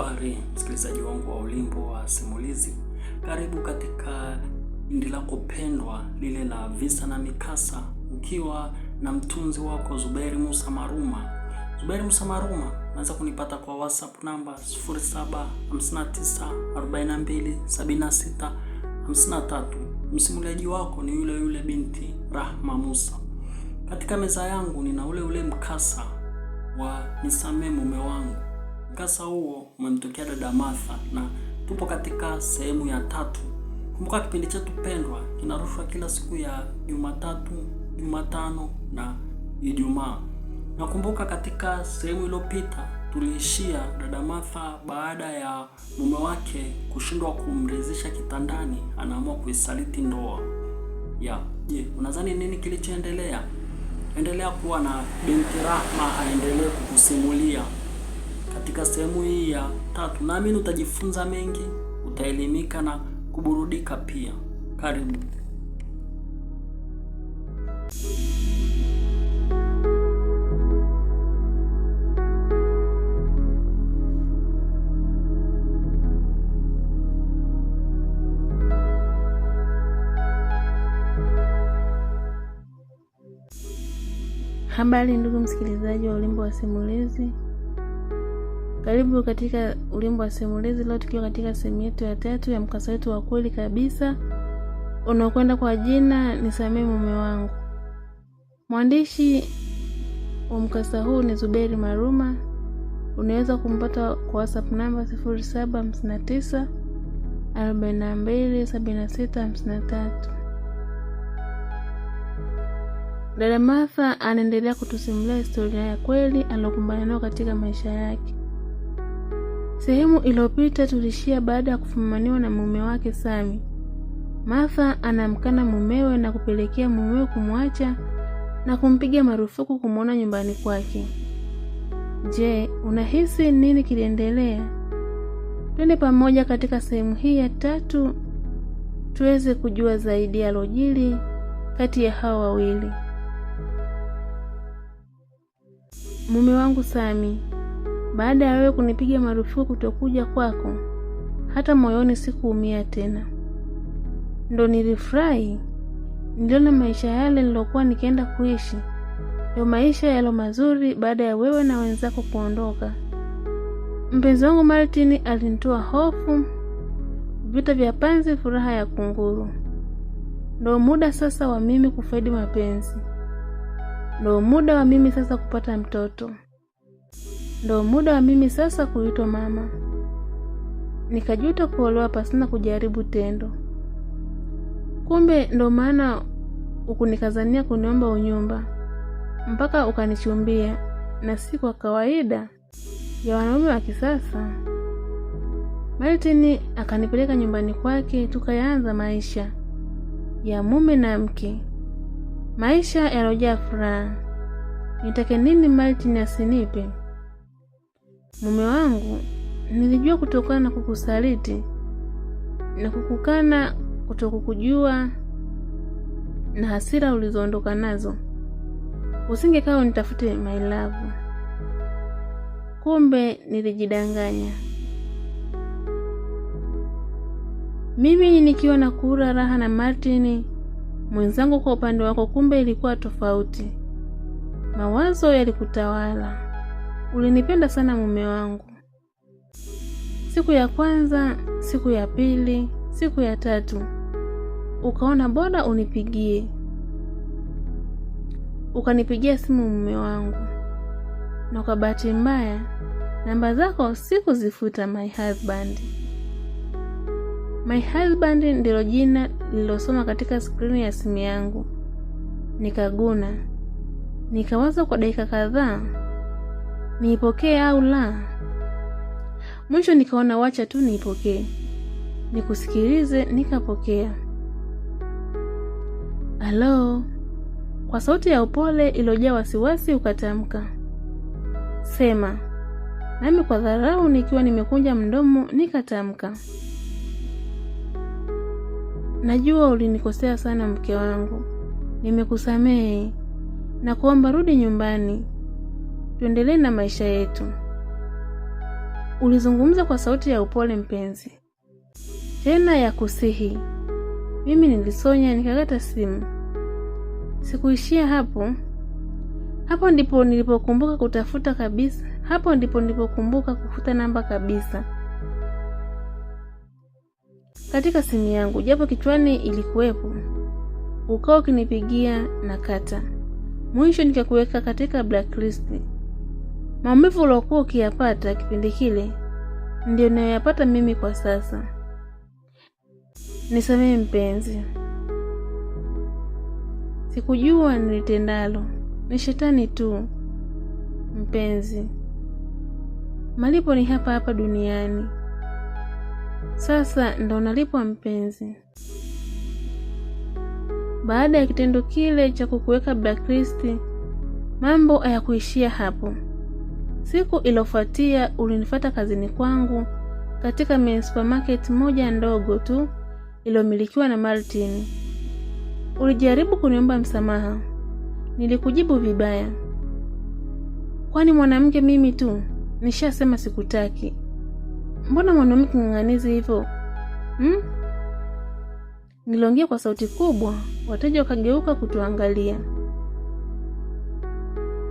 Habari msikilizaji wangu wa Ulimbo wa Simulizi, karibu katika kundi lako pendwa lile la visa na mikasa, ukiwa na mtunzi wako Zuberi Musa Maruma. Zuberi Musa Maruma, unaweza kunipata kwa WhatsApp namba 0759427653. Msimuliaji wako ni yule yule binti Rahma Musa. Katika meza yangu nina ule ule mkasa wa nisamee mume wangu Mkasa huo umemtokea dada Martha na tupo katika sehemu ya tatu. Kumbuka kipindi chetu pendwa kinarushwa kila siku ya Jumatatu, Jumatano na Ijumaa. Nakumbuka katika sehemu iliyopita tuliishia dada Martha baada ya mume wake kushindwa kumridhisha kitandani, anaamua kuisaliti ndoa ya je, unadhani nini kilichoendelea? Endelea kuwa na binti Rahma aendelee kukusimulia katika sehemu hii ya tatu. Naamini utajifunza mengi, utaelimika na kuburudika pia. Karibu. Habari ndugu msikilizaji wa Ulimbo wa Simulizi. Karibu katika Ulimbo wa Simulizi. Leo tukiwa katika sehemu yetu ya tatu ya mkasa wetu wa kweli kabisa unaokwenda kwa jina samee Mume Wangu. Mwandishi wa mkasa huu ni Zuberi Maruma. Unaweza kumpata kwa WhatsApp namba 0759 Dada Martha anaendelea kutusimulia historia ya kweli aliyokumbana nayo katika maisha yake. Sehemu iliyopita tulishia baada ya kufumaniwa na mume wake Sami. Martha anamkana mumewe na kupelekea mumewe kumwacha na kumpiga marufuku kumwona nyumbani kwake. Je, unahisi nini kiliendelea? Twende pamoja katika sehemu hii ya tatu tuweze kujua zaidi yalojili kati ya hawa wawili. Mume wangu Sami baada ya wewe kunipiga marufuku kutokuja kwako, hata moyoni sikuumia tena. Ndo nilifurahi, niliona maisha yale nilokuwa nikienda kuishi ndo maisha yalo mazuri baada ya wewe na wenzako kuondoka. Mpenzi wangu Martini alinitoa hofu, vita vya panzi, furaha ya kunguru. Ndo muda sasa wa mimi kufaidi mapenzi, ndo muda wa mimi sasa kupata mtoto. Ndo muda wa mimi sasa kuitwa mama. Nikajuta kuolewa pasina kujaribu tendo. Kumbe ndo maana ukunikazania kuniomba unyumba mpaka ukanichumbia, na si kwa kawaida ya wanaume wa kisasa. Martin akanipeleka nyumbani kwake, tukaanza maisha ya mume na mke, maisha yalojaa furaha. Nitake nini Martin asinipe? Mume wangu, nilijua kutokana na kukusaliti na kukukana, kutokukujua na hasira ulizoondoka nazo, usingekaa unitafute my love. Kumbe nilijidanganya mimi nikiwa na kura raha na Martini mwenzangu kwa upande wako, kumbe ilikuwa tofauti. Mawazo yalikutawala ulinipenda sana mume wangu. Siku ya kwanza, siku ya pili, siku ya tatu, ukaona bora unipigie, ukanipigia simu mume wangu, na kwa bahati mbaya namba zako sikuzifuta my husband. My husband ndilo jina lililosoma katika skrini ya simu yangu. Nikaguna, nikawaza kwa dakika kadhaa niipokee au la? Mwisho nikaona wacha tu niipokee, nikusikilize. Nikapokea. Halo, kwa sauti ya upole iliyojaa wasiwasi ukatamka, sema nami kwa dharau nikiwa nimekunja mdomo nikatamka, najua ulinikosea sana mke wangu, nimekusamehe na kuomba rudi nyumbani tuendelee na maisha yetu. Ulizungumza kwa sauti ya upole mpenzi, tena ya kusihi. Mimi nilisonya nikakata simu. Sikuishia hapo. Hapo ndipo nilipokumbuka kutafuta kabisa. Hapo ndipo nilipokumbuka kufuta namba kabisa katika simu yangu, japo kichwani ilikuwepo. Ukao ukinipigia na kata, mwisho nikakuweka katika blacklist. Maumivu uliokuwa ukiyapata kipindi kile ndio nayoyapata mimi kwa sasa. Nisamehe mpenzi, sikujua nilitendalo, ni shetani tu. Mpenzi, malipo ni hapa hapa duniani. Sasa ndo nalipwa mpenzi, baada ya kitendo kile cha kukuweka blacklist. Mambo hayakuishia hapo. Siku iliyofuatia ulinifuata kazini kwangu katika mini supermarket moja ndogo tu iliyomilikiwa na Martin. Ulijaribu kuniomba msamaha, nilikujibu vibaya, kwani mwanamke mimi tu nishasema sikutaki. Mbona mwanamke ng'ang'anizi hivyo hmm? Niliongea kwa sauti kubwa, wateja wakageuka kutuangalia.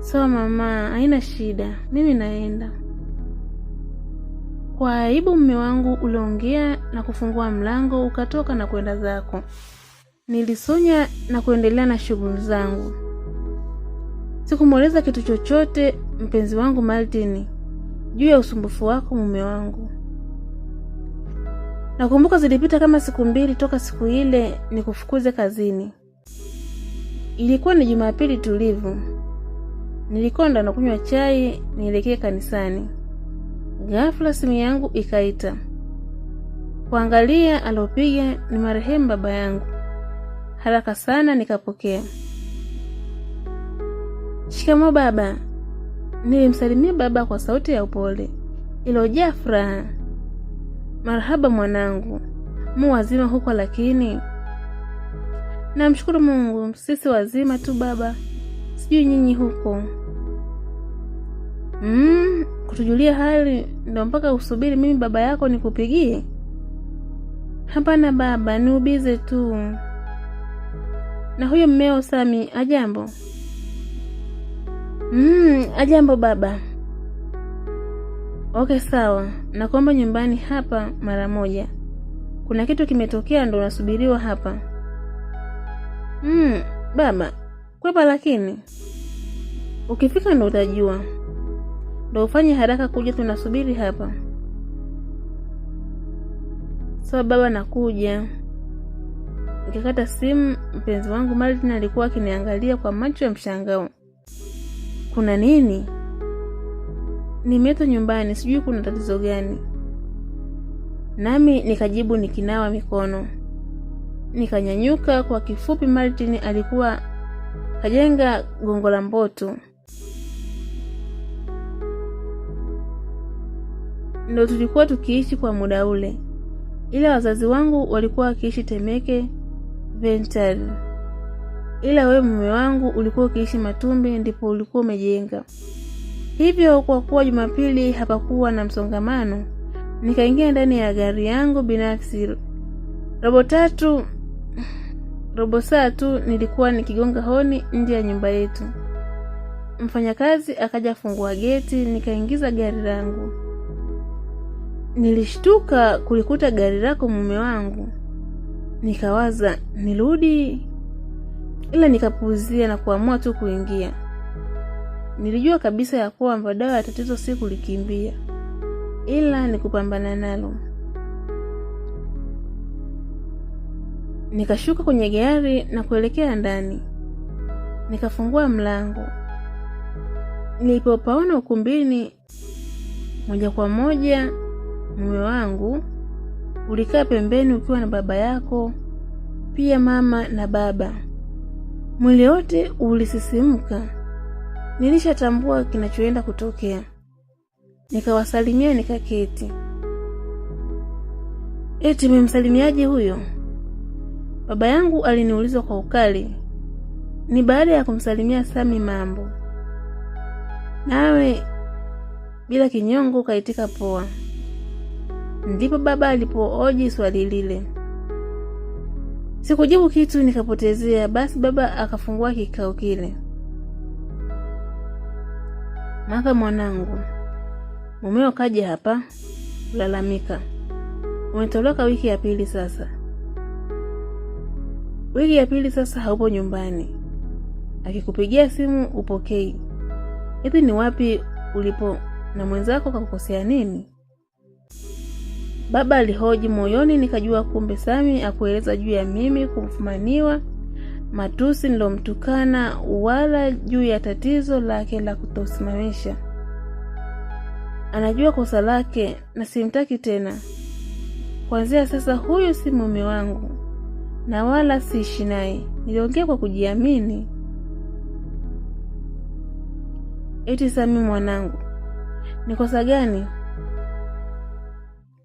Sawa mama, haina shida, mimi naenda. Kwa aibu, mme wangu uliongea na kufungua mlango ukatoka na kwenda zako. Nilisonya na kuendelea na shughuli zangu. Sikumweleza kitu chochote mpenzi wangu Martin juu ya usumbufu wako mume wangu. Nakumbuka zilipita kama siku mbili toka siku ile nikufukuze kazini. Ilikuwa ni Jumapili tulivu. Nilikonda na kunywa chai nielekee kanisani. Ghafla simu yangu ikaita. Kuangalia aliopiga ni marehemu baba yangu. Haraka sana nikapokea. shikamo baba. Nilimsalimia baba kwa sauti ya upole iliojaa furaha. Marhaba mwanangu, mu wazima huko? Lakini namshukuru Mungu, sisi wazima tu baba, sijui nyinyi huko. Mm, kutujulia hali ndo mpaka usubiri mimi baba yako nikupigie? Hapana baba, ni ubize tu. Na huyo mmeo Sami ajambo? Mm, ajambo baba. Okay, sawa, nakuomba nyumbani hapa mara moja, kuna kitu kimetokea, ndo unasubiriwa hapa. Mm, baba kwepa, lakini ukifika ndo utajua. Ndo ufanye haraka kuja, tunasubiri hapa. Sawa baba, nakuja. Nikikata simu, mpenzi wangu Martin alikuwa akiniangalia kwa macho ya mshangao. Kuna nini? Nimeto nyumbani, sijui kuna tatizo gani? Nami nikajibu nikinawa mikono, nikanyanyuka. Kwa kifupi, Martin alikuwa kajenga gongo la mboto. ndo tulikuwa tukiishi kwa muda ule, ila wazazi wangu walikuwa wakiishi Temeke Ventari, ila wewe mume wangu ulikuwa ukiishi Matumbi, ndipo ulikuwa umejenga. Hivyo kwa kuwa Jumapili hapakuwa na msongamano, nikaingia ndani ya gari yangu binafsi. Robo tatu robo saa tu nilikuwa nikigonga honi nje ya nyumba yetu. Mfanyakazi akaja fungua geti, nikaingiza gari langu. Nilishtuka kulikuta gari lako mume wangu, nikawaza nirudi, ila nikapuuzia na kuamua tu kuingia. Nilijua kabisa ya kuwa dawa ya tatizo si kulikimbia, ila ni kupambana nalo. Nikashuka kwenye gari na kuelekea ndani, nikafungua mlango. Nilipopaona ukumbini, moja kwa moja mume wangu, ulikaa pembeni ukiwa na baba yako, pia mama na baba. Mwili wote ulisisimka. Nilishatambua kinachoenda kutokea. Nikawasalimia nikaketi. Eti mmemsalimiaje huyo? Baba yangu aliniuliza kwa ukali. Ni baada ya kumsalimia Sami mambo. Nawe bila kinyongo kaitika poa. Ndipo baba alipooji swali lile. Sikujibu kitu, nikapotezea. Basi baba akafungua kikao kile. Maka mwanangu, mumeo kaja hapa kulalamika, umetoloka wiki ya pili sasa, wiki ya pili sasa haupo nyumbani, akikupigia simu upokei. Hivi ni wapi ulipo, na mwenzako kakukosea nini? Baba alihoji moyoni, nikajua kumbe Sami akueleza juu ya mimi kufumaniwa, matusi nilomtukana, wala juu ya tatizo lake la kutosimamisha. Anajua kosa lake na simtaki tena. Kuanzia sasa, huyu si mume wangu na wala siishi naye. Niliongea kwa kujiamini. Eti Sami mwanangu, ni kosa gani?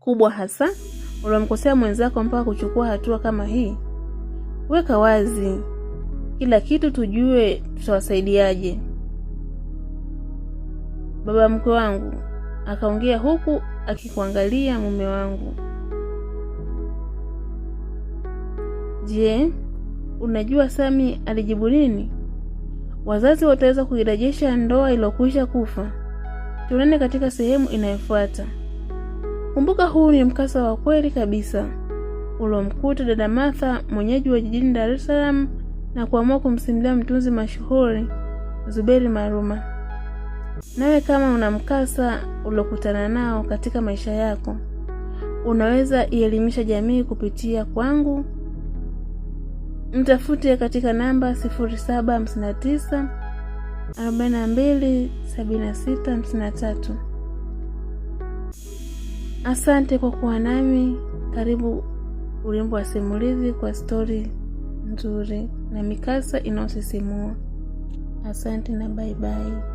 kubwa hasa uliomkosea mwenzako mpaka kuchukua hatua kama hii? Weka wazi kila kitu, tujue tutawasaidiaje. Baba mkwe wangu, akaongea huku akikuangalia mume wangu. Je, unajua Sami alijibu nini? Wazazi wataweza kuirejesha ndoa iliyokwisha kufa. Tuonane katika sehemu inayofuata. Kumbuka, huu ni mkasa wa kweli kabisa uliomkuta dada Martha, mwenyeji wa jijini Dar es Salaam, na kuamua kumsimulia mtunzi mashuhuri Zuberi Maruma. Nawe kama una mkasa uliokutana nao katika maisha yako, unaweza ielimisha jamii kupitia kwangu. Mtafute katika namba 0759 53. Asante kwa kuwa nami. Karibu Urembo wa Simulizi kwa stori nzuri na mikasa inayosisimua. Asante na baibai.